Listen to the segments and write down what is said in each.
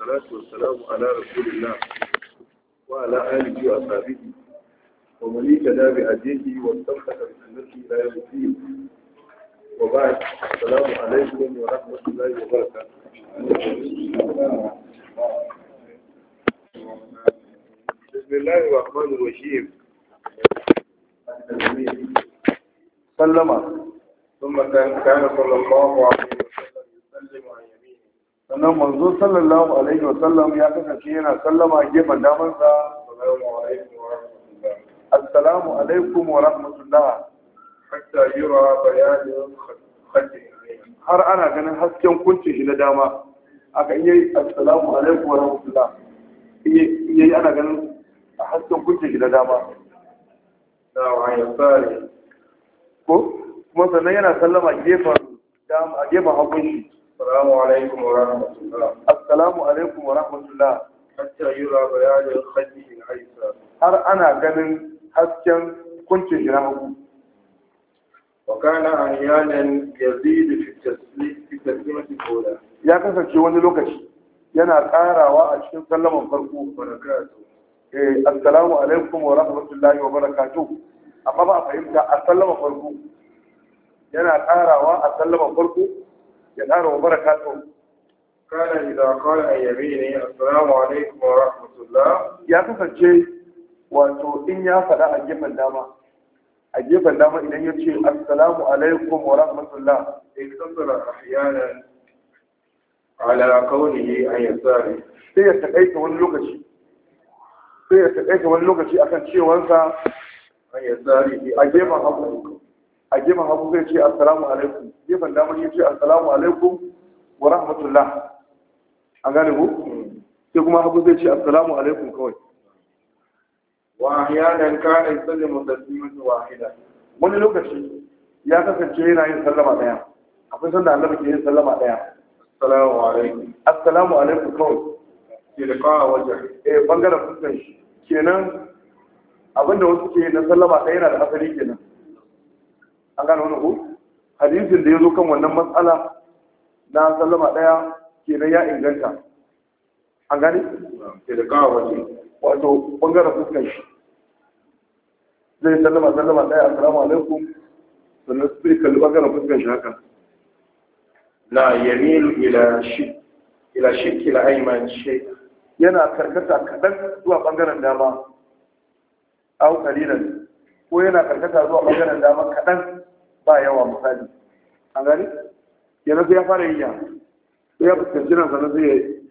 salatu wa salamu ala rasulillah wa ala alihi wa sahbihi wa man ittaba bi hadihi wa tawaffa bi sunnati ila yawm wa ba'd assalamu alaykum wa rahmatullahi wa barakatuh bismillahir rahmanir rahim sallama ثم كان صلى الله عليه وسلم sannan manzo sallallahu alaihi wa sallam ya kasance yana sallama gefen daman sa assalamu alaikum wa rahmatullah hatta yura bayanin khaddi har ana ganin hasken kuncin shi na dama aka iya yi assalamu alaikum wa rahmatullah yi ana ganin hasken kuncin shi na dama ko kuma sannan yana sallama gefen hagun shi السلام عليكم ورحمة الله السلام عليكم ورحمة الله حتى يرى بيان الخدي العيسى هل أنا قدم حتى كنت جنابه وكان أحيانا يزيد yana ƙarawa a cikin sallaman farko barakatu eh assalamu alaikum wa rahmatullahi wa barakatu amma ba fahimta a sallaman farko yana ƙarawa a sallaman farko ya ƙara wa barakatu kana idza qala ayyamini assalamu alaikum wa rahmatullah ya kasance wato in ya faɗa a gefen dama a gefen dama idan ya ce assalamu alaikum wa rahmatullah sai kasara ahyanan ala qawlihi an yasari sai ya takaita wani lokaci sai ya takaita wani lokaci akan cewansa an yasari a gefen hagu a gefen hagu zai ce assalamu alaikum gefen damar ya ce assalamu alaikum wa rahmatullah a gane ku sai kuma hagu zai ce assalamu alaikum kawai wa ahyanan sanya yusallimu taslimatan wahida wani lokaci ya kasance yana yin sallama daya akwai sanda Allah ke yin sallama daya assalamu alaikum assalamu alaikum kawai ke da kawo wajen eh bangaren fuskan shi kenan abinda wasu ke na sallama daya yana da asali kenan an gane wani ku hadisin da ya zo kan wannan matsala na sallama ɗaya kenan ya inganta an gane? ke da kawo wace wato ɓangaren fuskan shi zai sallama sallama ɗaya assalamu alaikum sannan su sai kalli ɓangaren fuskan shi haka la yamin ila shi ila shi kila aiman shi yana karkata kaɗan zuwa ɓangaren dama au kalilan ko yana karkata zuwa ɓangaren dama kaɗan ba yawa misali an gani yana sai ya fara yi ya sai ya fuskanci nan sana zai yi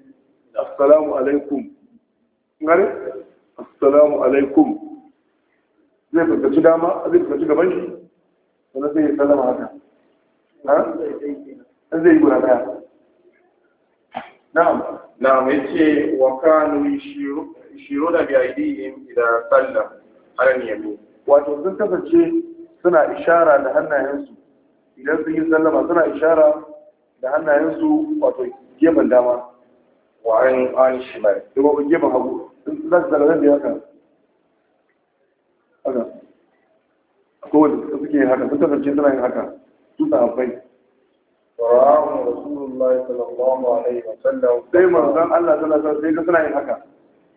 assalamu alaikum gani assalamu alaikum zai fuskanci dama zai fuskanci gaban shi sana zai yi salama haka ha zai yi guda daya na'am na'am ce wa kanu shiro da bi aidihim ila har ni yamin wato sun kasance suna ishara da hannayensu idan sun yi sallama suna ishara da hannayensu wato gefen dama an gefen hagu za su haka haka da suke haka sun kasance suna yin haka su sallallahu alaihi wa sallam sai Allah sallallahu alaihi wa sallam sai ka suna yin haka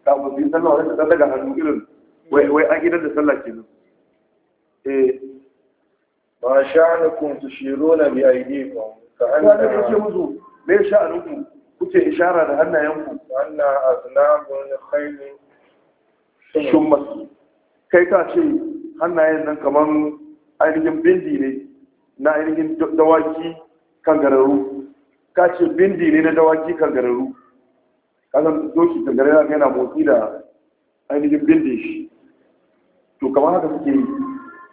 kafin su yi sallama sai ka daga hannu irin wai an gidan da sallah kenan eh ma sha'anukum tushiruna bi aydikum ka anna wanda yake musu me sha'anukum kuke ishara da hannayenku anna aznamun khayrin shummas kai ka ce hannayen nan kaman ainihin bindi ne na ainihin dawaki kangararru ka ce bindi ne na dawaki kangararru kasan doki kangararru yana motsi da ainihin bindi shi to kamar haka suke yi a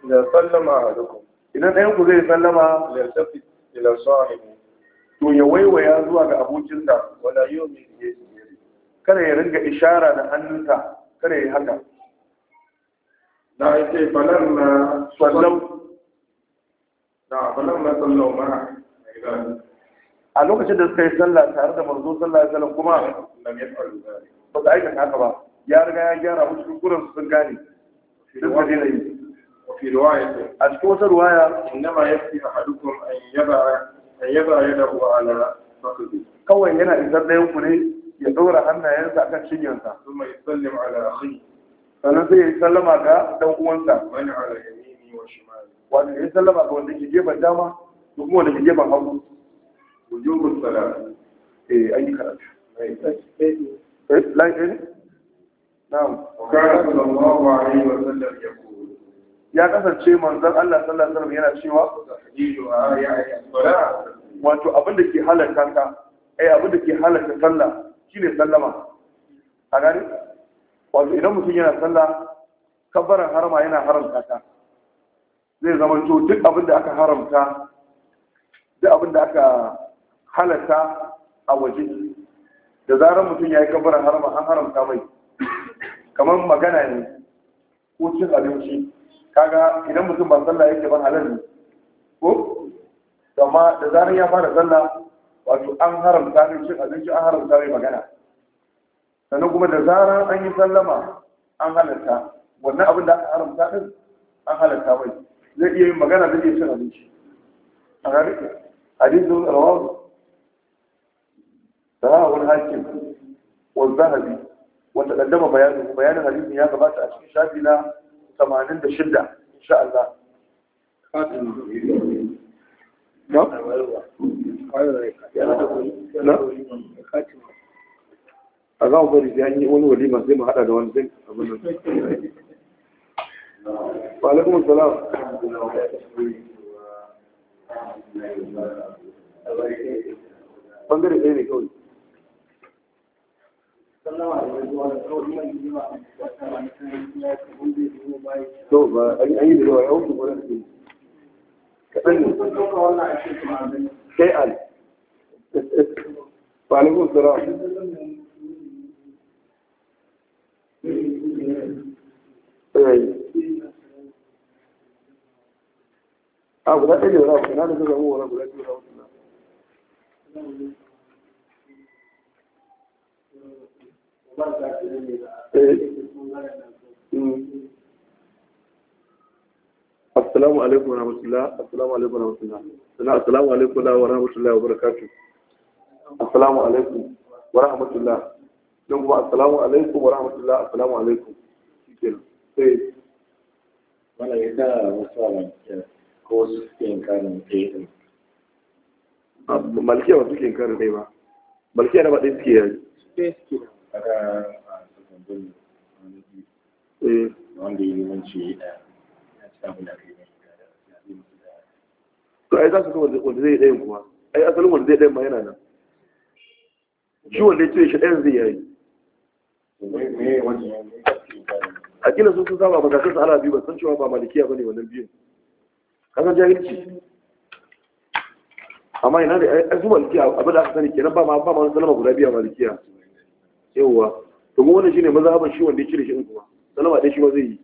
idan ɗayan zai sallama to ya waiwaya zuwa ga abokinsa wala kada ya ishara kada a lokacin da suka yi sallah tare da manzo sallah ya kuma ba su aikata haka ba ya riga ya gyara musu kukuran sun gane في رواية أتكوث رواية إنما يكفي أحدكم أن يبع أن يبع يده على فخذه كوي هنا إذا لا يمكن يدور أن ينسى كان شيء ينسى ثم يسلم على أخيه فنسي يسلم على دو أنسى من على يميني وشمالي وأن يسلم على وأن يجيب الجامع ثم وأن يجيب الحب وجوب السلام إيه أي كلام لا نعم وكان صلى الله عليه وسلم يقول ya kasance manzon Allah sallallahu alaihi wasallam yana cewa wato abin da ke halarta ka ai eh, abin da ke halarta sallah shine sallama a gani wato idan mutum yana sallah kabbaran harama yana haramta ta zai zama to duk abin da aka haramta duk abin da aka halarta a waje da zarar mutum ya yi kabbaran harama an haramta mai kamar magana ne ko cin abinci kaga idan mutum ba sallah yake ban halal ne ko amma da zarar ya fara sallah wato an haramta mai cin abinci an haramta mai magana sannan kuma da zarar an yi sallama an halarta wannan abin da aka haramta din an halarta mai zai iya yin magana zai iya cin abinci a gari hadisun rawazu sahahun hakim wa zahabi wa taqaddama bayanin bayanin hadisin ya gabata a cikin shafi na ثمانين بشدة إن شاء الله خاتمة نعم نعم خاتمة أنا أظهر إذا أني أقول ولي ما زي ما هذا دوان زي وعليكم السلام to ba an yi da yawa yawon su gwada su kaɗan ne sai al falikun sura a guda ɗaya da wani abu na da zama wani guda biyu na wasu na Eh. assalamu alaikum wa rahmatullahi wa rahmatullah assalamu alaikum wa rahmatullahi wa barakatuh assalamu alaikum wa rahmatullahi assalamu alaikum wa rahmatullah assalamu alaikum shikenan sai eh. wala wasu ko su suke inkarin ɗaya ɗin malkiya ba suke karin ɗaya ba malkiya na ba ɗaya suke yayi kada a cikin gudu eh. wanda yi wanci ya da ya ci abin da kai to ai za su ga wanda zai ɗayan kuwa? ai asalin wanda zai ɗayan ma yana nan shi wanda ya ce shi ɗayan zai yayi a kila sun saba matakan sa'ala biyu ba san cewa ba malikiya ba ne wannan biyun kasan jahilci amma ina da ai su malikiya abin da aka sani kenan ba ma ba ma salama guda biya malikiya yawwa to mu wannan shine mazhaban shi wanda ya cire shi in kuma sallama dai shi ma zai yi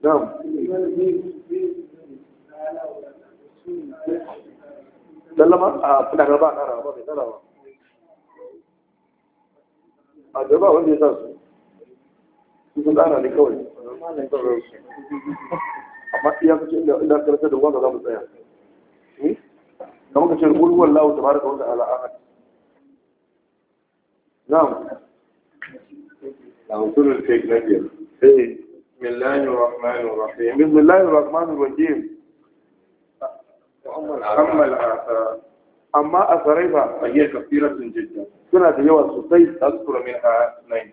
na'am sallama a kuna ga a kara ba bai tsara ba a ba wanda ya sa su su sun tsara ne kawai amma iya ce inda inda karanta da wanda za mu tsaya hmm? kamar ruwan lawo tabaraka wanda ta'ala na'am أو كل شيء بسم الله الرحمن الرحيم بسم الله الرحمن الرحيم أما الآثار أما أثريها فهي كثيرة جدا سنة يوى سوسي أذكر منها اثنين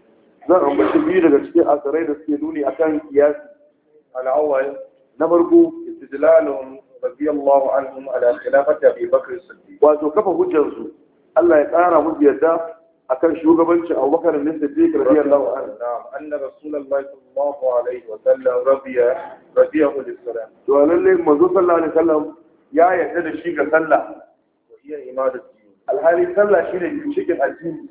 زرع مشبير لشيء أثري رسيلوني أكان قياس الأول نمرقو استدلالهم رضي الله عنهم على خلافة أبي بكر الصديق وأتوقف هجرسو الله يتعالى مجيدا akan shugabanci Abu Bakar ne Siddiq radiyallahu anhu anna Rasulullahi sallallahu alaihi wa sallam rabiya rabiya lis-salam to lalle manzo sallallahu alaihi wasallam ya yadda da shi ga sallah wa hiya imadatu alhali sallah shine cikin addini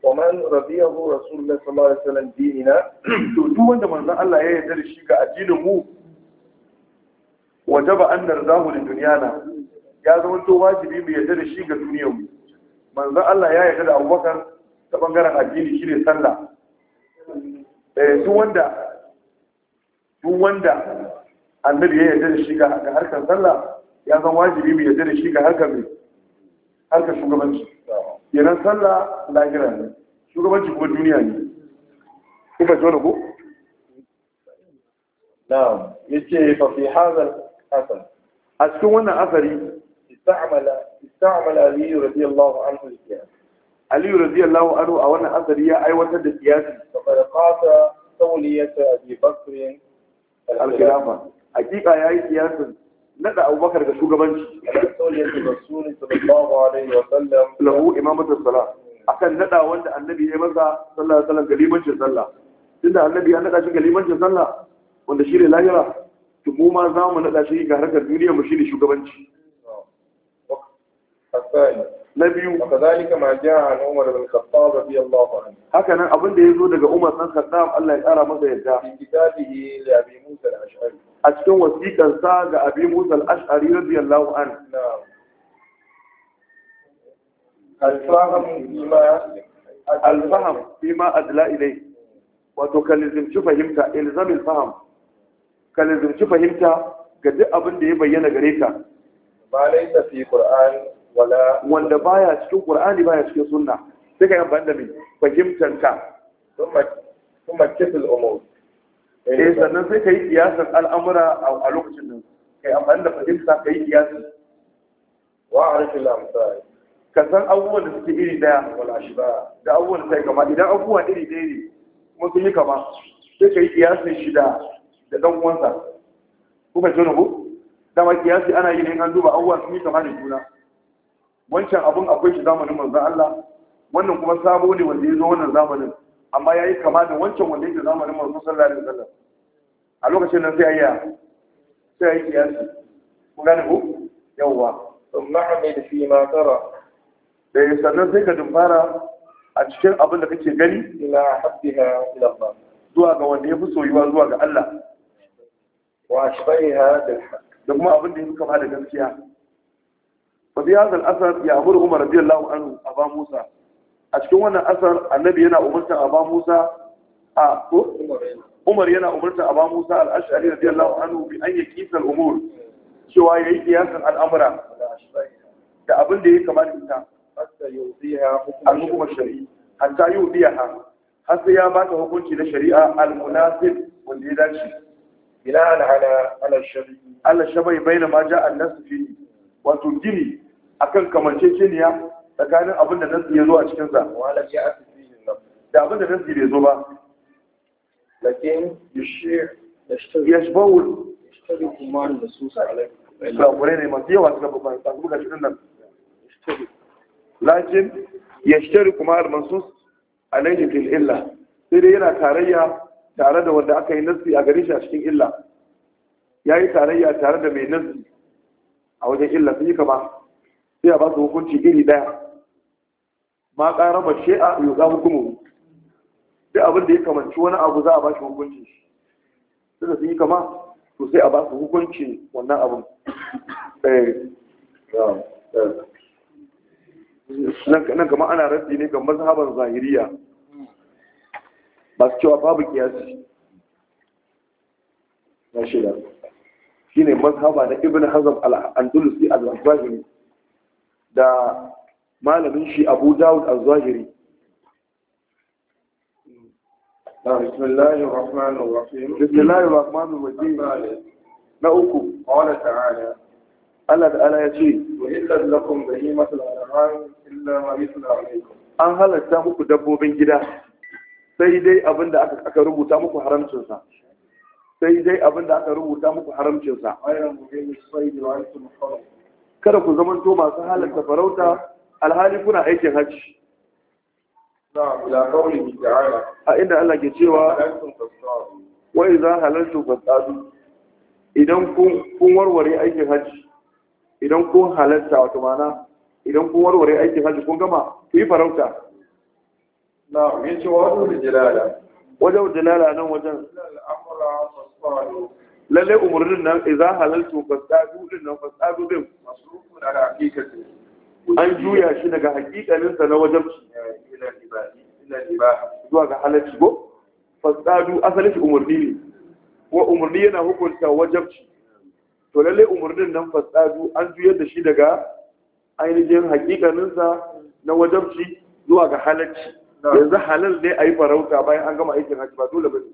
wa man rabiyahu Rasulullahi sallallahu alaihi wasallam dinina to duk wanda manzo Allah ya yarda da shi ga addinin mu wajaba an narzahu lid-dunyana ya zama to wajibi mu yarda da shi ga duniyar mu manzan Allah ya yi da abubakar ta ɓangaren addini shi ne sallah eh, duk wanda duk wanda annabi ya yarda da shi ga harkar sallah ya zan wajibi mai yarda da shi ga harkar mai harkar shugabanci yanar sallah lahira ne shugabanci kuma duniya ne kuka ji wani ko? na'am yace fa fi hazar hasan a cikin wannan asari ista'mala ista'mala Ali radiyallahu a wannan asari ya aiwatar da qiyasi kamar qata tawliyata Abi Bakr al-khilafa hakika yayi qiyasin nada Abubakar da shugabanci tawliyatu Rasul sallallahu alaihi wa sallam lahu imamatu salat akan nada wanda annabi ya masa sallallahu alaihi wa galibancin sallah tunda annabi ya nada shi galibancin sallah wanda shi ne lahira to mu ma za mu nada shi ga harkar duniya mu shi ne shugabanci na biyu kazalika ma jaa an yazo daga umar bin khattab Allah ya kara masa yarda fi a cikin wasiƙar sa ga abi musa al-ash'ari radiyallahu anhu al-fahm bima al-fahm bima adla ilay wato kalizimci fahimta ilzamil fahm fahimta ga duk abin da ya bayyana gare ka ba wanda baya cikin ba baya cikin sunna sai ka amfani da mai fahimtar ka kuma kitul umur eh sannan sai yi kiyasan al'amura a lokacin nan kai amfani da fahimta yi kiyasi wa a al-amsal ka san abubuwan da suke iri daya wala shi ba da abubuwan da sai kama idan abubuwa iri daya ne kuma sun yi kama sai ka yi kiyasin shi da da dan uwansa kuma jona ko dama kiyasi ana yi ne an duba abubuwa sun yi kama da juna wancan abun akwai shi zamanin manzon Allah wannan kuma sabo ne wanda ya zo wannan zamanin amma ya yi kama da wancan wanda yake zamanin manzon sallallahu alaihi wasallam a lokacin nan sai ayya sai ayi kiyasi ku gane ko yawwa thumma amil fi ma tara eh sannan sai ka dumfara a cikin abin da kake gani ila habbiha ila Allah zuwa ga wanda ya fi soyuwa zuwa ga Allah wa ashbahiha bil haqq da kuma abin da ya fi kama da gaskiya wa bi hadha al-asar ya amuru umar radiyallahu anhu aba musa a cikin wannan asar annabi yana umarta aba musa a umar yana umarta aba musa al-ash'ari radiyallahu anhu bi an yakisa al Umar. cewa ya yi kiyasan al'amura da abin da ya kamata ita hatta yudiha hukumar shari'a hatta ha. har sai ya ba ta hukunci na shari'a al-munasib wanda ya dace bina ala ala shari'a ala shabai baina ma ja'a an nasu fi wato gini akan kamanceceniya tsakanin abin da nasi ya zo a cikinsa da abin da nasi bai zo ba lakin yashbawul sakurai ne masu yawa suka babban sakurai ga shirin nan lakin yashtari kuma al-mansus alaihi fil illa sai dai yana tarayya tare da wanda aka yi nasi a gare shi a cikin illa ya yi tarayya tare da mai nasi a wajen illa sun yi kama sai a ba su hukunci iri ɗaya ma ƙara ba a yau za hukumu duk abin da ya kamanci wani abu za a ba shi hukunci da sun yi kama to sai a ba su hukunci wannan abin eh. nan kama ana rabbi ne ga mazhaban zahiriya masu cewa babu kiyasi na shida ne mazhaba na ibn hazm al'adulusi andalusi al-zahiri da malamin shi abu dawud al-zahiri بسم الله الرحمن الرحيم بسم الله الرحمن الرحيم na uku qala ta'ala Allah da Allah ya ce wa illa lakum bahimatul anham illa ma yutla alaykum an halatta muku dabbobin gida sai dai abinda aka aka rubuta muku haramcin sa sai dai abinda aka rubuta muku haramcin sa ayyuhal mu'minun sayyidu wa antum muharram kada ku to masu halatta farauta alhali kuna aikin hajji a inda Allah ke cewa wai za halartu fasadu idan kun warware aikin hajji idan kun halarta wata mana idan kun warware aikin hajji kun gama ku yi farauta na yin cewa wajen jilala wajen jalala nan wajen lallai umarnin nan iza halaltu fasadu din nan fasadu din masrufu da hakikati an juya shi daga hakikanin sa na wajen zuwa ga halarci ko fasadu asali shi umarni ne ko umarni yana hukunta wajabci to lallai umarnin nan fasadu an juyar da shi daga ainihin hakikanin sa na wajabci zuwa ga halarci. yanzu halal ne a yi farauta bayan an gama aikin hajji ba dole ba ne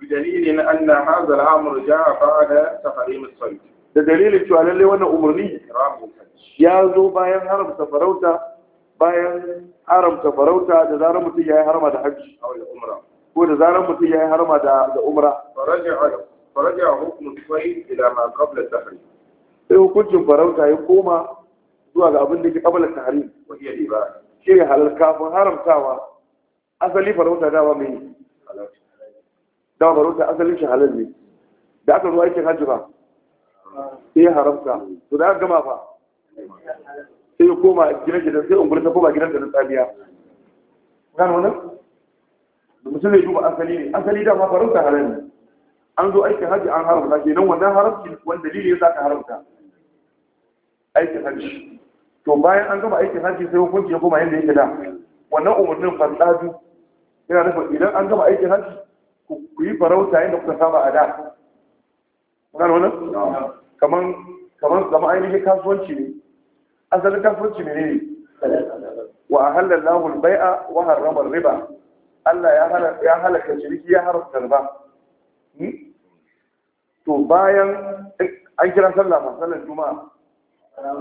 بدليل أن هذا الأمر جاء بعد تحريم الصيد da dalilin cewa lalle wannan umarni ya zo bayan haramta farauta bayan da zarar mutum ya yi harama da hajji ko da zarar mutum ya yi harama da umra faraja hukumin sai ila ma qabla tahrim sai hukuncin farauta ya koma zuwa ga abin da ke qabla tahrim shi ne haramtawa asali farauta dawa mai da baro ta asalin shi halal ne da aka zuwa aikin hajji ba sai eh, ya haramta to da aka gama fa sai ya koma gidan shi da sai ungulu ta koma gidan da na tsamiya gano wannan mutum zai duba asali ne asali da ma farauta halal ne an zo aikin hajji an haramta ke nan wannan haramci wani dalili ya ka haramta aikin hajji to bayan an gama aikin hajji sai hukunci ya koma yadda yake da wannan umarnin fasadu yana nufin idan an gama aikin hajji ku yi farauta inda kuka saba a da kuna wannan kaman kaman zama ainihin kasuwanci ne asalin kasuwanci ne ne wa halal lahul bai'a wa harrama riba Allah ya halaka ya halaka shiriki ya haramta riba hmm? to bayan eh, an kira sallah ma sallar juma'a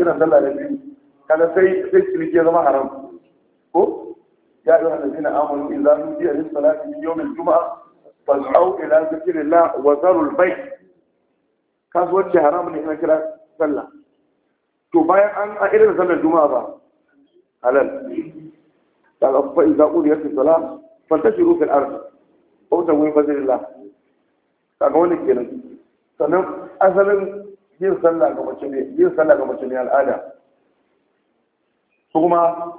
kira sallah da biyu kada sai sai shiriki ya zama haram ko ya ayyuhal ladina amanu idza nudiya lis salati min yawmil jumu'ah fasau ila zikirillah wa zarul bai kasuwanci haram ne ina kira sallah to bayan an a irin sallar juma'a ba halal daga fa idza qudiyat as-salah fantashiru fil ard aw tawwi fadlillah kaga wannan kenan sannan asalin yin sallah ga mace ne yin sallah ga mace ne al'ada su kuma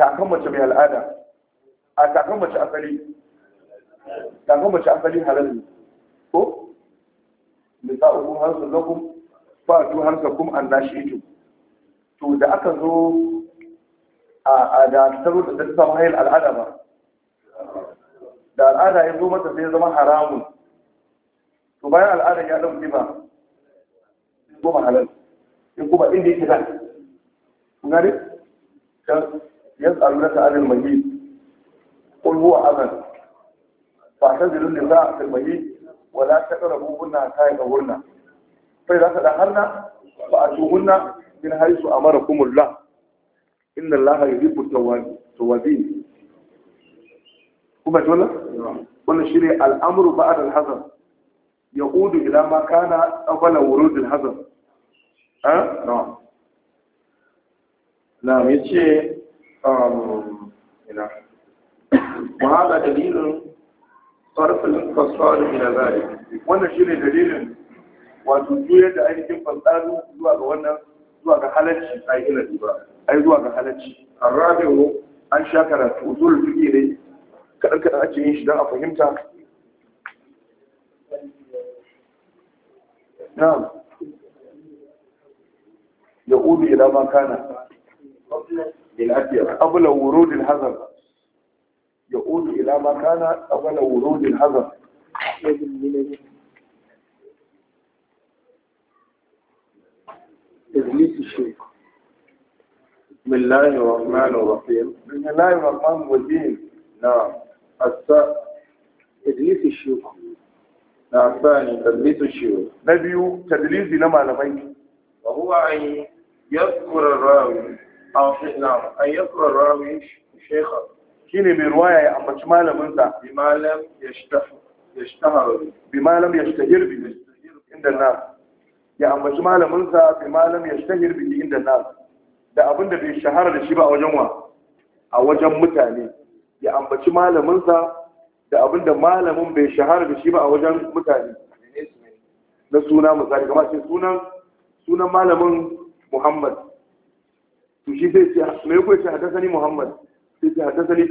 kakan mace mai al'ada a kakan mace asali gangan mace asali halal ne ko nisa'ukum harsun har fa'atu kuma an nashi'tum to da aka zo a da taro da ta samu hayar al'ada ba da al'ada ya zo mata sai zama haramun to bayan al'ada ya ɗauki ba goma halal in kuma inda yake da gari ya al'ada na mai mahi ƙulhuwa azan ba ta zirin ne za a firmaye wa za ta ƙara hukunna ta sai za ka da harna ba a tuhunna in a mara kumulla inda laha ya ta wazi kuma tola wannan shi ne al'amuru ba hazan ya udu ma kana tsawala wurudin hazan na mai ce ina ma haɗa dalilin sarfin fasfari ila zari wannan shine dalilin wato juyar da ainihin fasfari zuwa ga wannan zuwa ga halacci a yi ilimi ba ai zuwa ga halacci arrabiu an sha karatu usul fiqi ne kadan kadan ake yin shi don a fahimta na'am يقول إلى ما كان بالأبيض قبل ورود الهزل يقول إلى ما كان أول ورود الحذر إبليس الشيخ بسم الله الرحمن الرحيم بسم الله الرحمن الرحيم نعم الساء إدليس الشيخ نعم ثاني تدليس الشيخ نبي تدليس لما لميك وهو أن يذكر الراوي أو آه، نعم أن يذكر الراوي شيخه shine mai ruwaya ya ambaci malaminsa bi malam yashtahar bi malam bi inda na ya ambaci malaminsa bi malam shtahir bi inda na da abinda bai shahara da shi ba a wajen wa a wajen mutane ya ambaci malaminsa da abinda malamin bai shahara da shi ba a wajen mutane na suna misali kamar ce sunan sunan malamin Muhammad to shi zai ce me yake ce hadasani Muhammad sai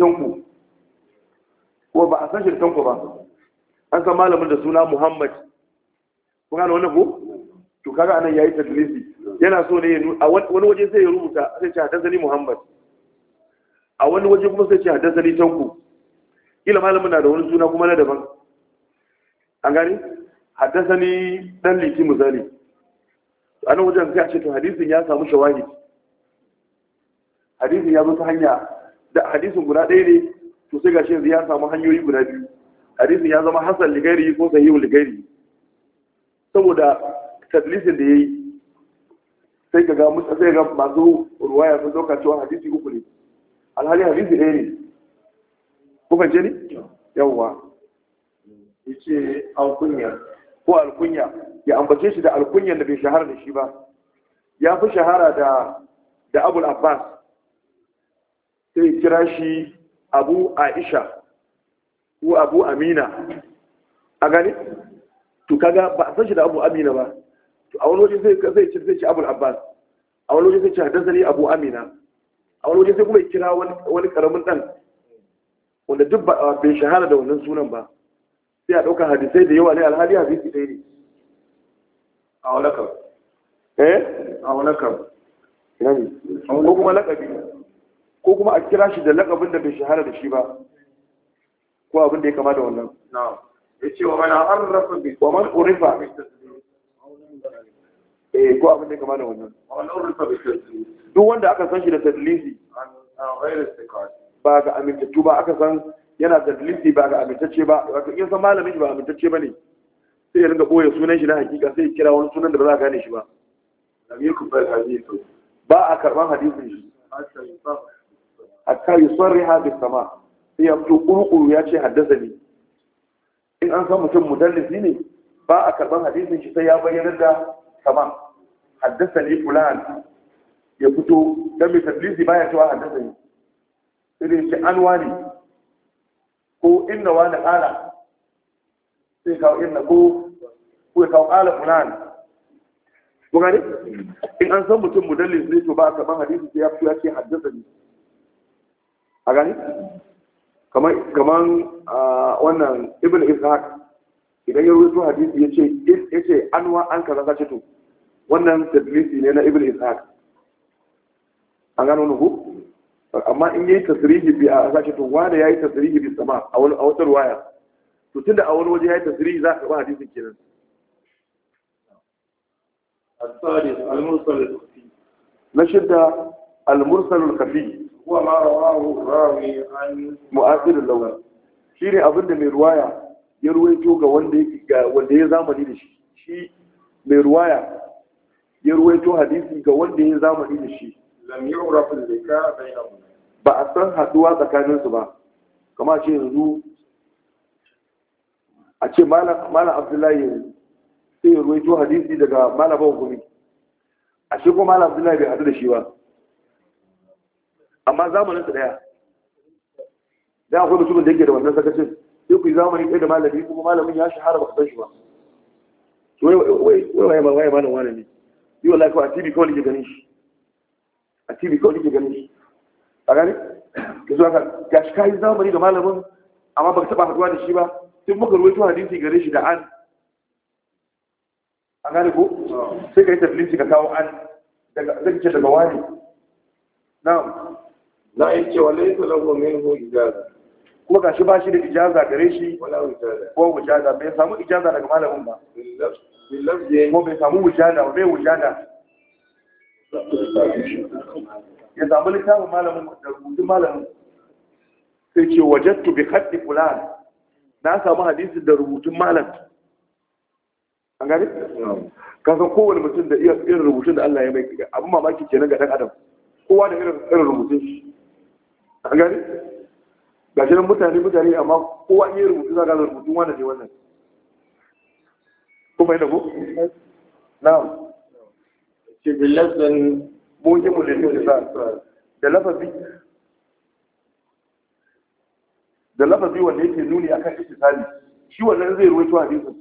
ko ba a san shi da ba an san malamin da suna muhammad kun gane wannan ko to kaga anan yayi tadlisi yana so ne a wani waje sai ya rubuta sai ce hadasani muhammad a wani waje kuma sai ce hadasani tanko kila malamin na da wani suna kuma na daban an gane hadasani dan liti misali anan wajen sai a ce to hadisin ya samu shawahi hadisin ya zo ta hanya da hadisin guda ɗaya ne to sai gashi yanzu ya samu hanyoyi guda biyu hadisin ya zama hasan ligari ko sahih ligari saboda tadlisin da yayi sai ka ga musa sai ga masu ruwaya sun dauka cewa hadisi uku ne alhali hadisi ɗaya ne ku je ni yawwa yace alkunya ko alkunya ya ambace shi da alkunyan da bai shahara da shi ba ya fi shahara da da abul abbas sai kira shi abu aisha ko abu amina a gani to kaga ba a san shi da abu amina ba to a wani waje sai zai ce ce abu abbas a wani waje sai ce hadasani abu amina a wani waje sai kuma kira wani karamin dan wanda duk ba a bai shahara da wannan sunan ba sai a ɗaukar hadisai da yawa ne alhali zai ɗaya ne a wani kam eh a wani kam ko kuma laƙabi ko kuma a kira shi da lakabin da bai shahara da shi ba ko abin da ya kama da wannan ya ce wa mana an rafa bi wa man urifa eh ko abin da ya kama da wannan duk wanda aka san shi da tadlisi ba ga amintattu ba aka san yana tadlisi ba ga amintacce ba wato in san malamin ba amintacce ba ne sai ya ringa boye sunan shi na hakika sai ya kira wani sunan da ba za a gane shi ba ba a karban hadisi shi hatta yusarriha bis sama sai ya fito kurkuru ya ce haddasa ni in an san mutum mudallisi ne ba a karban hadisin shi sai ya bayyana da sama haddasa ni fulan ya fito dan mai tadlisi baya cewa haddasa ni sai an wani ko inna wani ala sai kawo inna ko ko ya ala fulan kun gane in an san mutum mudallis ne to ba a karban hadisin sai ya fito ya haddasa ni a gani kamar wannan ibn ishaq idan ya rubuto hadisi ya ce ya ce an kaza sace cito wannan tadlisi ne na ibn ishaq an gano ne amma in yi tasrihi bi a sace cito wanda yi tasrihi bi sama a wani waya, wata riwaya to tunda a wani waje ya yi tasrihi za ka ba hadisin kenan الثالث المرسل al نشد المرسل الخفي huwa ma rawahu rawi an mu'asir lawan shine abinda mai ruwaya ya ruwaito ga wanda ya zamani da shi mai ruwaya ya ruwaito hadisi ga wanda ya zamani da shi ba a san haduwa tsakaninsu ba kama ce yanzu a ce malam abdullahi sai ya ruwaito hadisi daga malam hukumi a shi kuma malam abdullahi bai hadu da shi ba amma zamanin su daya da akwai mutumin da yake da wannan sakacin sai ku yi zamani ɗaya da malami kuma malamin ya shahara ba san shi ba wai waye ma waye malam wani ne yi wa kawai a tv kawai ke ganin shi a tv kawai ke ganin shi a gani ka zuwa ka ga shi kayi zamani da malamin amma ba ka taɓa haɗuwa da shi ba sai muka ruwaito hadisi gare shi da an a gane ko oh. sai ka yi tafilin ka kawo an daga zai ce daga wani na'am na yi cewa laisa lahu minhu ijaza kuma ga shi ba shi da ijaza gare shi ko wujada bai samu ijaza daga malamin ba ko bai samu wujada ba bai wujada ya samu littafin malamin da rubutun malamin sai ce wajattu bi khatti fulan na samu hadisi da rubutun malam an gani ka san kowane mutum da irin rubutun da Allah ya mai abin mamaki kenan ga dan adam kowa da irin rubutun shi a gani ga shirin mutane mutane amma kowa iya rubutu za ga rubutu wannan ne wannan ko bai da ku? na'am ce bi lafzan boje mu da da da lafazi da lafafi wanda yake nuni akan kan shi wannan zai ruwaito hadisin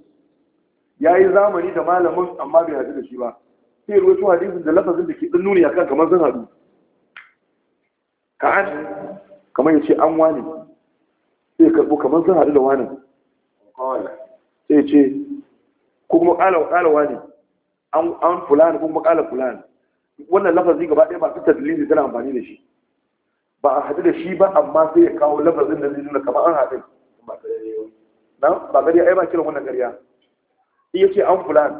ya yi zamani da malamin amma bai hadu da shi ba sai ruwaito hadisin da lafafin da ke nuni akan kamar sun hadu ka an kamar ya ce an wani sai karɓo kamar sun haɗu da wani sai ce ko kuma ƙala ƙala wani an fulani kuma ƙala fulani wannan lafazi gaba ɗaya ba su tadlili tana amfani da shi ba a haɗu da shi ba amma sai ya kawo lafazin da zai nuna kamar an haɗu na ba gariya ai ba kiran wannan gariya iya ce an fulani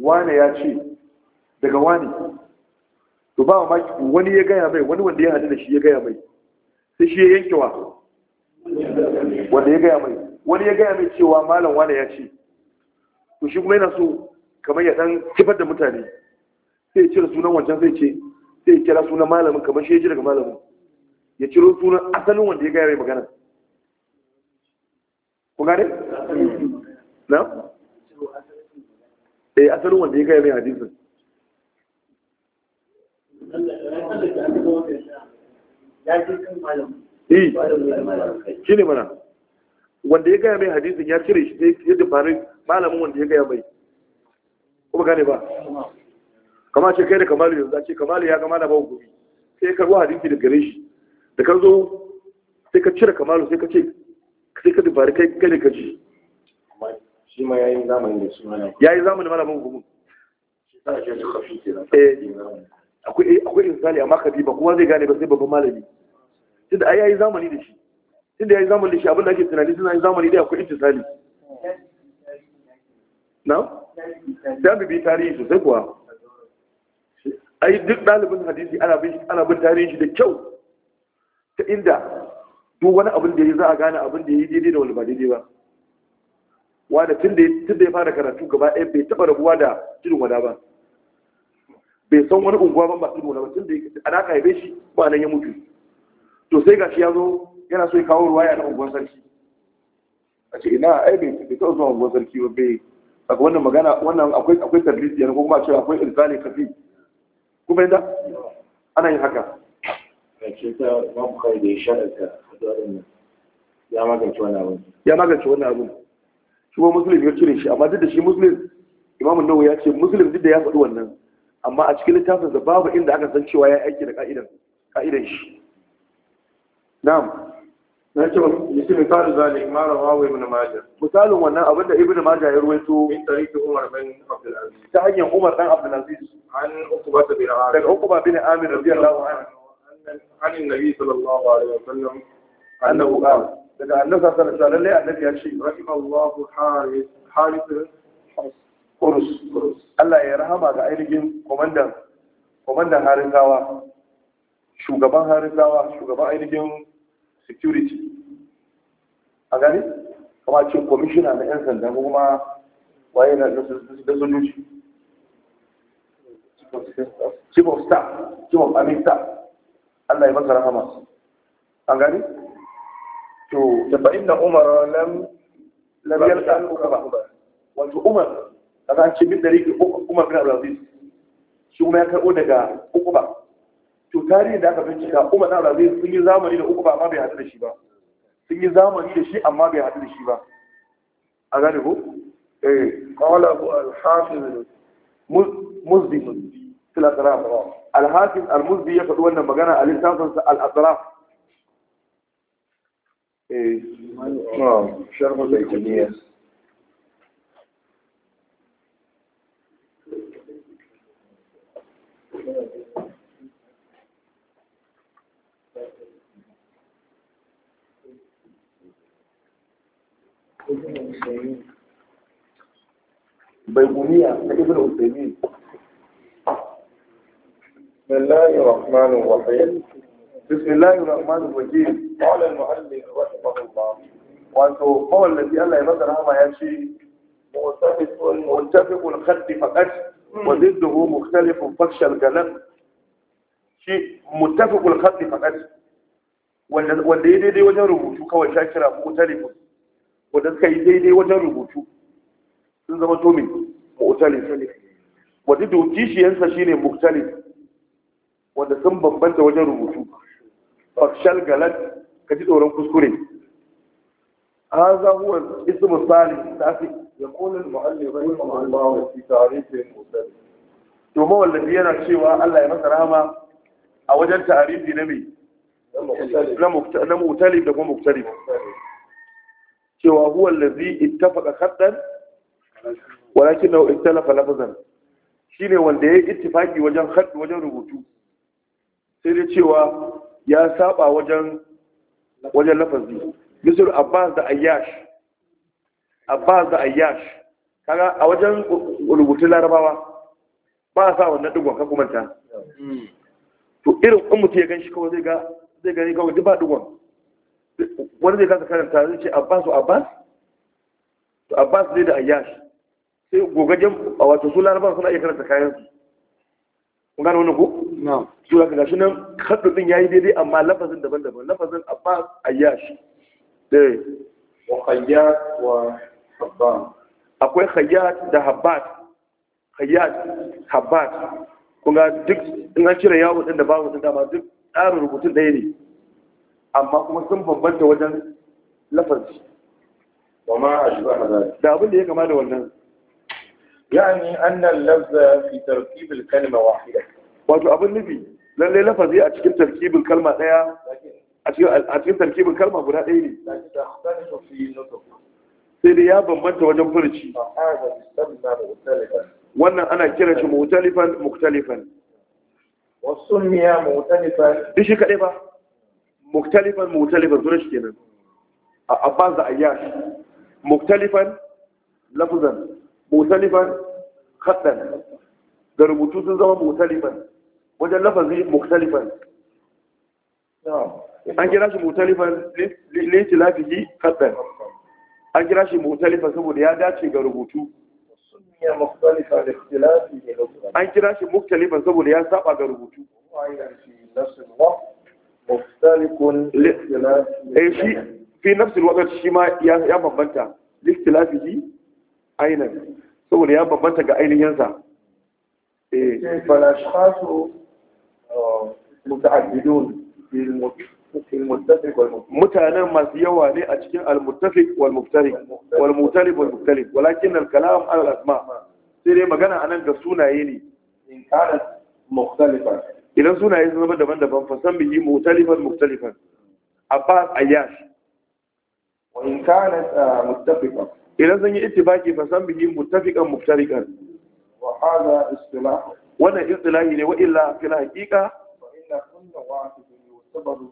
wane ya ce daga wani to ba ma wani ya gaya mai wani wanda ya hadu da shi ya gaya mai sai shi ya yanke wa wanda ya gaya mai wani ya gaya mai cewa malam wane ya ce to shi kuma yana so kamar ya dan kifar da mutane sai ya cire sunan wancan sai ce sai ya kira sunan malamin kamar shi ya ji daga malamin ya ciro sunan asalin wanda ya gaya mai magana ku gane? na? eh asalin wanda ya gaya mai hadisin Eh, shi ne mana wanda ya gaya mai hadisun ya cire shi ya dubarin malamin wanda ya gaya mai kuma gane ba kama ce kai da kamalu yanzu a ce kamalu ya gama da ba gobe sai ka ruwa hadisi da gare shi da ka zo sai ka cire kamalu sai ka ce sai ka dubari kai kai da kaji shi ma yayi zamani da ya yi zamanin malamin gobe eh akwai eh, akwai insali amma ka ba kowa zai gane ba sai babban malami tunda ai yayi zamani da shi tunda yayi zamani da shi abin da ake tunani suna yin zamani dai, akwai insali na da bi tarihi sosai kuwa ai duk dalibin hadisi ana bin tarihi shi da kyau ta inda duk wani abin da yayi za a gane abin da yi daidai da wani ba daidai ba wanda tun da ya fara karatu gaba ɗaya bai taɓa rabuwa da tudun wada ba bai san wani unguwa ban ba su gona ba tun da ya kace ana ka shi ba nan ya mutu to sai gashi ya zo yana so ya kawo ruwaya na unguwar sarki a ce ina ai bai bai taɓa zuwa unguwar sarki ba bai daga wannan magana wannan akwai akwai tarbiyya ne ko kuma a ce akwai irsali kafi kuma yanda ana yin haka ce ta babu kai da ya sha'arta haɗuwa ɗin ya magance wannan abin ya magance wannan abin shi ba musulun ya cire shi amma duk da shi musulun imamun nawa ya ce musulun duk da ya faɗi wannan amma a cikin littafin da babu inda aka san cewa ya aiki da ka'idan ka'idan shi na'am na ce yake fara zali imara wawe ibn majah misalin wannan abin da ibn majah ya ruwaito in tariki umar bin abdul aziz ta hanyar umar dan abdul aziz an ukuba ta bin amir daga ukuba bin amir radiyallahu anhu an annabi sallallahu alaihi wasallam annahu qala daga annabi sallallahu alaihi wasallam annabi ya ce rahimallahu harith harith kurus Allah ya rahama ga ainihin kwamandan harisawa shugaban harisawa shugaban ainihin security a gani kama ce kwamishina na 'yan sanda kuma waye na da sojoji chief of staff chief of army staff Allah ya masa rahama an gani to da na umar lam lam yalqa al-ukba wato umar kaga an ce bin da rike Umar bin Abdulaziz shi kuma ya karɓo daga ba to tarihin da aka bincika Umar na Abdulaziz sun yi zamani da ba amma bai haɗu da shi ba sun yi zamani da shi amma bai haɗu da shi ba a gane ko eh qala abu al-hafiz muzdi fil asraf al-hafiz al-muzdi ya faɗi wannan magana a littafin sa al-asraf eh sharh al-ikhlas بيقولية ابن أسلمين بسم الله الرحمن الرحيم بسم الله الرحمن الرحيم قال المعلم رحمه الله وأنتو قول الذي ألا ينظر هما يشي متفق الخد فقط وضده مختلف فكش الكلام شيء متفق الخد فقط والذي ya daidai wajen rubutu kawai shakira wanda suka yi daidai wajen rubutu sun zama so mai mutalin wadda doki shi yansa shi ne mutalin wadda sun bambanta wajen rubutu fashal galat ka ji tsoron kuskure A za huwa isu misali ta fi ya kunin muhalli rai ma Allah wa fi tarihi da to ma wallafi yana cewa Allah ya masa rama a wajen tarihi na mai na mutalin da kuma mutalin cewa huwa allazi ittafaqa khaddan walakin law lafazan. lafzan shine wanda ya ittifaki wajen hadd wajen rubutu sai dai cewa ya saba wajen wajen lafazi misal abbas da ayyash abbas da ayyash kaga a wajen rubutu larabawa ba a sa wannan digon ka ta. Hmm. to irin in mutum ya gan shi kawai zai ga zai gani kawai duk ba digon wani zai kasa karanta zai ce abbas wa abbas to abbas ne da ayyash sai gogajen a wato su larabar suna iya karanta kayan su kun gane wani ko su da gashi nan kaddu din yayi daidai amma lafazin daban-daban lafazin abbas ayyash eh wa khayyat wa habban akwai khayyat da habbat khayyat habbat kun ga duk in an cire yawo din da babu din dama duk tsarin rubutun ɗaya ne amma kuma sun bambanta wajen lafarci wama ashbaha dhalik da abin da ya kama da wannan yani anna al-lafza fi tarkib al-kalma wahida wato abin nufi lalle lafazi a cikin tarkibin kalma daya a cikin tarkibin kalma guda ɗaya ne sai dai ya bambanta wajen furci wannan ana kiran shi mutalifan muktalifan wasu miya mutalifan shi kaɗai ba muktalifan muktalifan suna shi kenan a abbas da ayyash muktalifan lafuzan muktalifan khaddan da rubutu sun zama muktalifan wajen lafazi muktalifan an kira shi mutalifan linti lafihi kaddan an kira shi mutalifan saboda ya dace ga rubutu an kira shi muktalifan saboda ya saba ga rubutu mukhtalikun likhtilaf eh shi fi nafsi alwaqt shi ma ya bambanta likhtilafihi ainan saboda ya bambanta ga ainihin sa eh. uh, mutanen masu yawa ne a cikin al-muttafiq wal muftariq wal mutalib wal mukhtalif walakin al al-asma sai dai magana anan ga sunaye ne in kana mukhtalifa idan suna yin zama daban-daban fasan bihi mutalifan mutalifan abbas ayyash wa in kanat ah, muttafiqan idan sun yi ittifaqi fasan bihi muttafiqan muftariqan wa hada istilah wannan istilahi ne wa illa fil haqiqa fa inna kullu wahidin yu'tabaru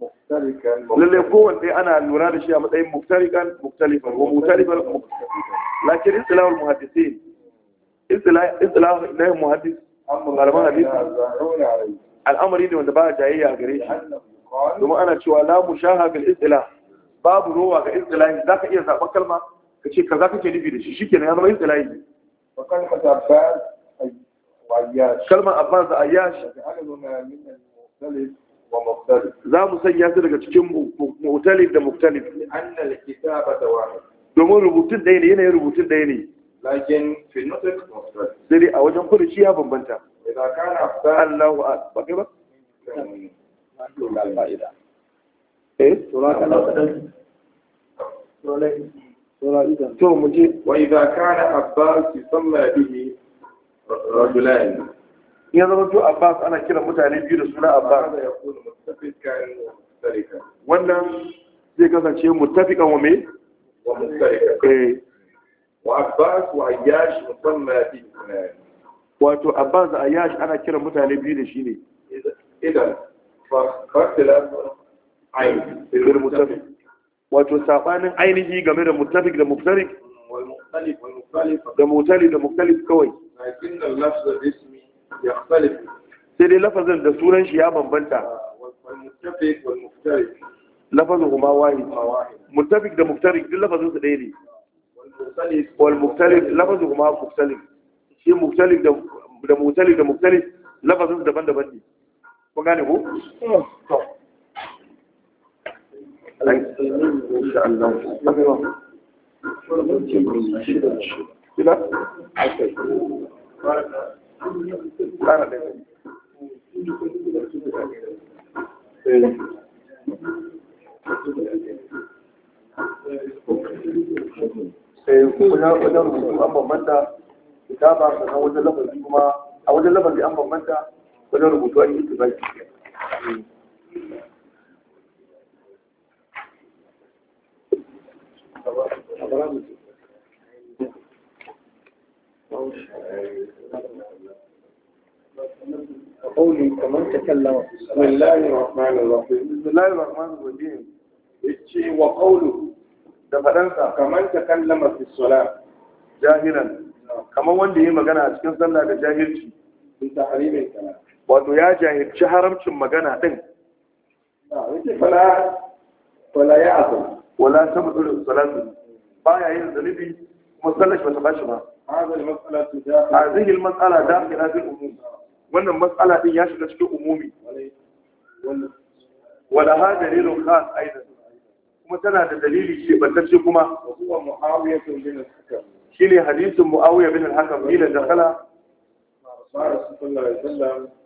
muftariqan lalle kowanne ana lura da shi a matsayin mutalifan mutalifan wa mutalifan muktalifan lakin istilah al muhaddisin istilah istilah na muhaddis malaman hadisi al'amari ne wanda ba a jayayya a gare shi domin ana cewa la mushaha bil istila babu rowa ga istilahi zaka iya zaɓar kalma ka ce kaza kake nufi da shi shikenan ya zama istilahi kalmar abbas da ayyash za mu sanya su daga cikin mutalif da muktalif domin rubutun ɗaya ne yanayin rubutun ɗaya ne lakin fi nutq sai a wajen ya bambanta idan kana fa Allahu akbar ba eh to mu je wa kana abbas bihi ya zama to abbas ana kiran mutane biyu da suna abbas wannan zai kasance mutafikan wa me وعباس وعياش مسمى في الكمال واتو عباس عياش انا كلا متعني بيه شيني اذا فرق الاب عين غير متفق واتو سابان عين هي غير متفق ده مفترق والمختلف والمختلف ده متالي لكن اللفظ الاسمي يختلف سيدي لفظ ده سوران شي يا بنبنتا آه، والمتفق والمفترق لفظهما واحد متفق ده مفترق ده لفظه ده wal muktalif lafazin kuma muktalif shi muktalif da muktalif da muktalif lafazin daban-daban ne kun Thank you. Eh, wajen rubutu an bambanta kitaba sannan wajen lafazi kuma a wajen lafazi an bambanta wajen rubutu an yi itibaki وقولي كمن تكلم بسم الله الرحمن الرحيم بسم الله الرحمن الرحيم وقوله da faɗansa kamar ta kallama fi sola jahiran kamar wanda yi magana a cikin sallah da jahilci in ta harimin kana wato ya jahilci haramcin magana din fala fala ya azu wala ta mutul salatu ya yin zalibi kuma sallashi ba ta bashi ba A hadhihi al-mas'ala dakhila fil umum wannan mas'ala din ya shiga cikin umumi wala ha dalilun khas aidan kuma tana da dalili shi batacce kuma shi ne hadisun bin hadisin bin al-hakam ila kala.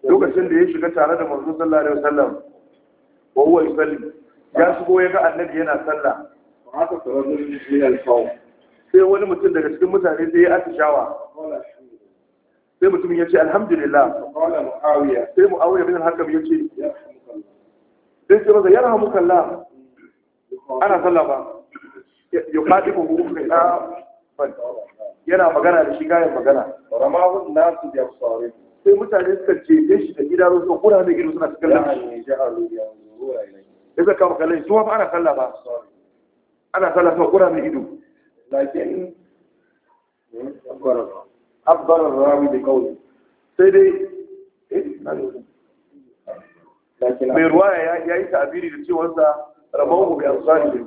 lokacin da ya shiga tare da manzo sallallahu da wasallam wa huwa yusalli ya shigo ya ga annabi yana sallah haka sai wani mutum daga cikin mutane sai ya atishawa sai mutum ya ce alhamdulillah sai muawiya bin al-hakam ya ce sai ce masa yarhamukallah ana sallah ba ya faɗi mu hukun yana magana da shi gayan magana na su da sauri sai mutane suka ce jefe shi da idanu suka kuna da ido suna cikin lafiya ya zaka kama kallon shi ba ana sallah ba ana sallah suka kuna da ido lakin abbar rawi da kauli sai dai eh, mai ruwaya ya yi ta'abiri da cewarsa رموه bi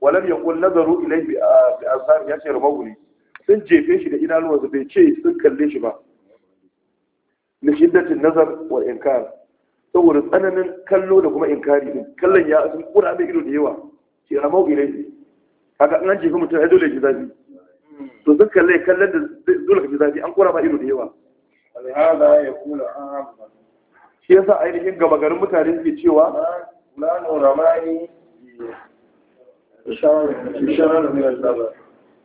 ولم walam نظروا إليه ilayhi يأتي رموه لي ramawhu ne sun jefe shi da idanuwansa bai ce sun kalle shi ba li nazar wal inkar saboda tsananin kallo da kuma inkari din kallon ya kura mai ido da yawa an jefe mutum ya dole ji zafi to sun kalle kallon da dole ka an kura ma ido da yawa alhada ya kula an shi yasa ainihin gaba garin mutane suke cewa Na nuna ramani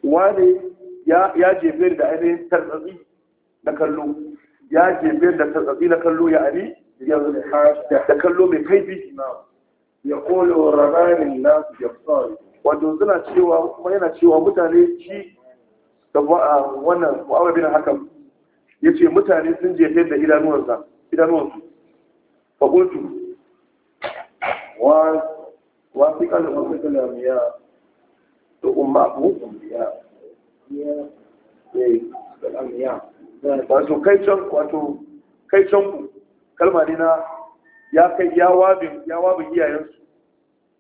wani ya jefe da ainihin tartsatsi na kallo ya jefe da tartsatsi na kallo ya ari da kallo mai kaifi ya kone wa rabarin na wato suna cewa kuma yana cewa mutane shi da wannan wa'awar hakan ya ce mutane sun jefe da idanuwansa idanuwansu fakultu wa وثق الوثق الأنبياء أمه أنبياء الأنبياء wato kai can wato kai can ku kalma ne na ya kai ya wabi ya wabin iyayensu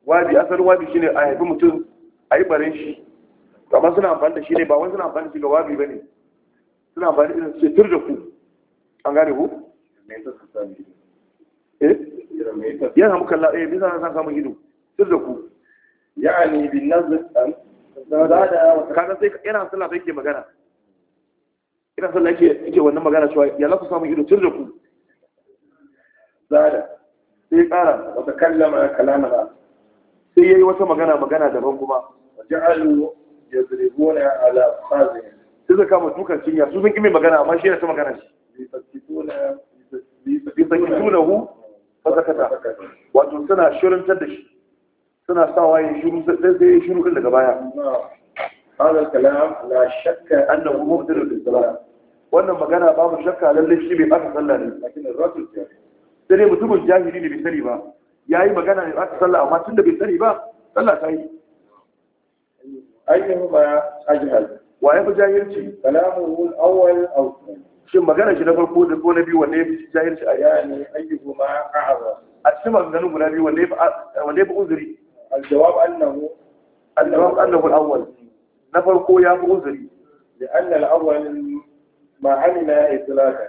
wabi asalin wabi shine a haifi mutum a yi barin shi amma suna amfani da shi ne ba wani suna amfani da shi ga wabi ba ne suna amfani da shi tur da ku an gane ku eh yana muka la'ayi eh, bisa na san samun ido duk ya ku ya'ani bin nan dan kada sai yana sallah sai ke magana ina sallah yake wannan magana cewa ya za ku samu ido tun zada sai kara wata kallama kalamana sai yayi wata magana magana daban kuma alu ya ja'alu yadribuna ala fazi sai zaka mu dukan cinya su sun kime magana amma shi yana ta magana shi bi sakituna bi hu fa wato suna shirin tar da shi سنة سواء يشيرون زيزة يشيرون إلا كبايا هذا الكلام لا شك أنه مهدر للسلام وأنه ما كان أبابا شكا للي شبه أكا صلى لكن الرجل جاهل سنة متوب الجاهلين بسنبا يعني ما كان أكا صلى أو ما سنة بسنبا صلى سعيد أيهما أجهل وأيهما جاهل شيء كلامه الأول أو الثاني ما كان أجهل فالقود يكون نبي ونبي جاهل شيء يعني أيهما أعظم أجهل فالقود يكون نبي ونبي ونبي أعظم الجواب أنه الجواب أنه الأول نفر كو يا لأن الأول ما عمل إطلاقا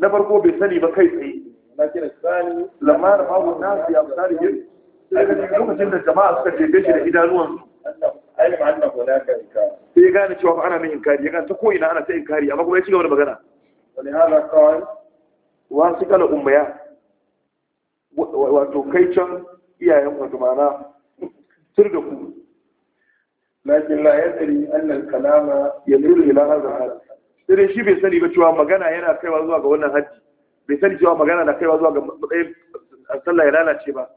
نفر كو بسني بكيف لكن الثاني لما رفعه الناس بأبصارهم lokacin da jama'a suka jefe shi da idanuwansu alim annan hunaka inkari sai gane cewa fa ana mai inkari ya ta ko ana ta inkari amma kuma ya ci da magana wani kawai wa su kala wato kai can iyayen wato ma'ana tur da ku lakin la ya tsari annan kalama ya nuru ila hadha al sai shi bai sani ba cewa magana yana kaiwa zuwa ga wannan hajji. bai sani cewa magana na kaiwa zuwa ga matsayin sallah ya lalace ba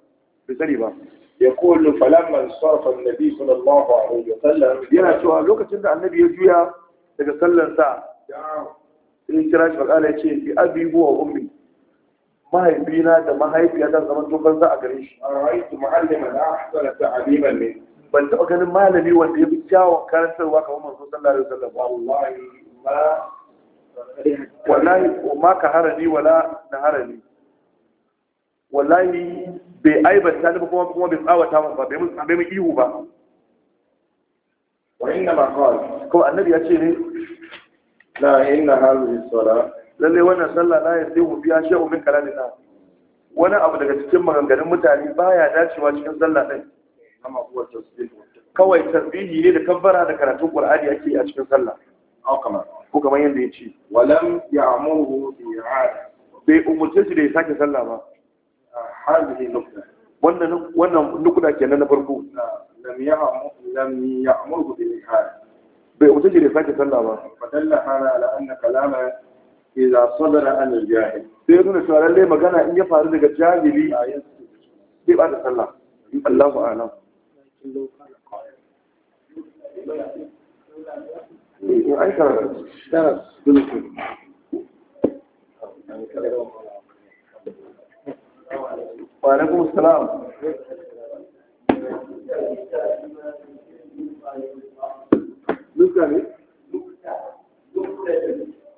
bai sani ba ya kullu falamma sarfa annabi sallallahu alaihi wasallam yana cewa lokacin da annabi ya juya daga sallan sa in kira shi ya ce bi abi huwa ummi mahaifina da mahaifiya ta zama tofar za a gare shi a ra'aitu mu'alliman ahsana ta'liman ne. ban taɓa ganin malami wanda ya fi kyawun karantarwa kamar manzo sallallahu alaihi wasallam wallahi ma wallahi ma ka harani wala na harani wallahi bai aibata ni kuma kuma bai tsawata ba bai mun bai mun ihu ba wa inna ma qala ko annabi ya ce ne la inna hadhihi salat lalle wannan sallah la mu biya shehu min kalamin nas wani abu daga cikin maganganun mutane baya dacewa cikin sallah din amma huwa tasbih kawai tasbihi ne da kabbara da karatun qur'ani ake a cikin sallah Ko kamar ko kamar yanda yace walam ya'muhu bi'ad bai umurce shi da ya sake sallah ba ah, hadhihi nukta wannan wannan nukuda kenan na farko lam ya'mu lam ya'muhu bi'ad bai umurce shi da ya sake sallah ba fadalla hala ala anna kalama idza sadara an al-jahil sai nuna cewa lalle magana in ya faru daga jahili sai ba da sallah Allahu a'lam in an dukkan wa alaikum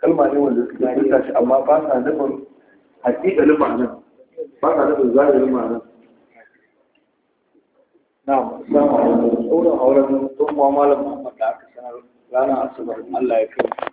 kalma ne wanda suke furta shi amma ba sa nufin hakikalin ma'anar ba sa nufin zahirin ma'anar na'am assalamu alaikum tsauran auren tsohon malam Muhammad da aka sanar ranar asabar Allah ya kai